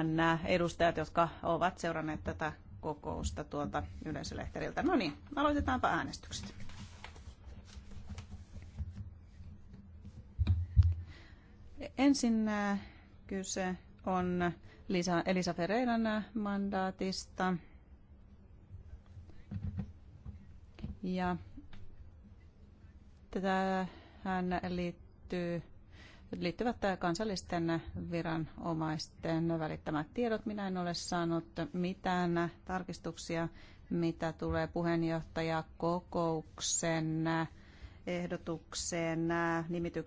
varmaan nämä äh, edustajat, jotka ovat seuranneet tätä kokousta tuolta yleisölehteriltä. No niin, aloitetaanpa äänestykset. Ensin äh, kyse on Lisa, Elisa Ferreiran äh, mandaatista. Ja tähän liittyy liittyvät äh, kansallisten viranomaisten välittämät tiedot. Minä en ole saanut mitään tarkistuksia, mitä tulee puheenjohtajakokouksen ehdotukseen äh, nimityksistä.